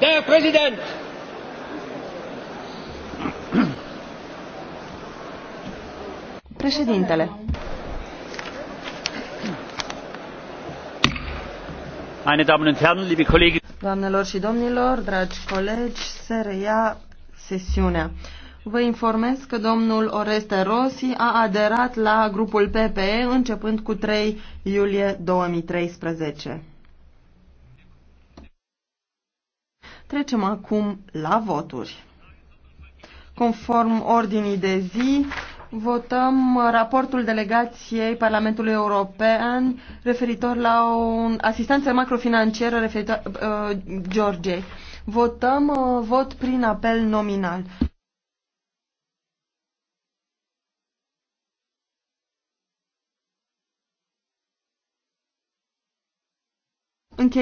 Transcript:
Der Präsident! Președintele. Meine Damen und Herren, liebe Kollegen. Doamnelor și domnilor, dragi colegi, se reia sesiunea. Vă informez că domnul Oreste Rossi a aderat la grupul PPE începând cu 3 iulie 2013. Trecem acum la voturi. Conform ordinii de zi, votăm raportul delegației Parlamentului European referitor la o asistență macrofinanciară referitor uh, Georgiei. Votăm uh, vot prin apel nominal. Încheiem.